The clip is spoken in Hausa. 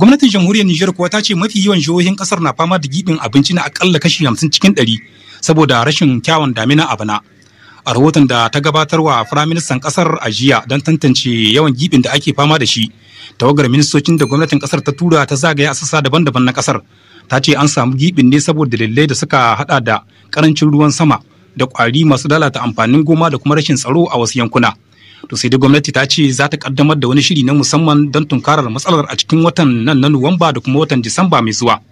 Gwamnatin jamhuriyar Nijar kuwa ta ce mafi yawan jihohin ƙasar na fama da gibin abinci na akalla kashi hamsin cikin ɗari saboda rashin kyawun damina a bana. A rahoton da ta gabatar wa Firaministan kasar a jiya don tantance yawan gibin da ake fama da shi, tawagar ministocin da gwamnatin ƙasar ta tura ta zagaya a sassa daban-daban na kasar. Ta ce an samu gibin ne saboda dalilai da suka haɗa da karancin ruwan sama da ƙwari masu lalata amfanin goma da kuma rashin tsaro a wasu yankuna. to sai dai gwamnati ta ce za ta kaddamar da wani shiri na musamman don tunkarar matsalar a cikin watan nan na nuwamba da kuma watan disamba mai zuwa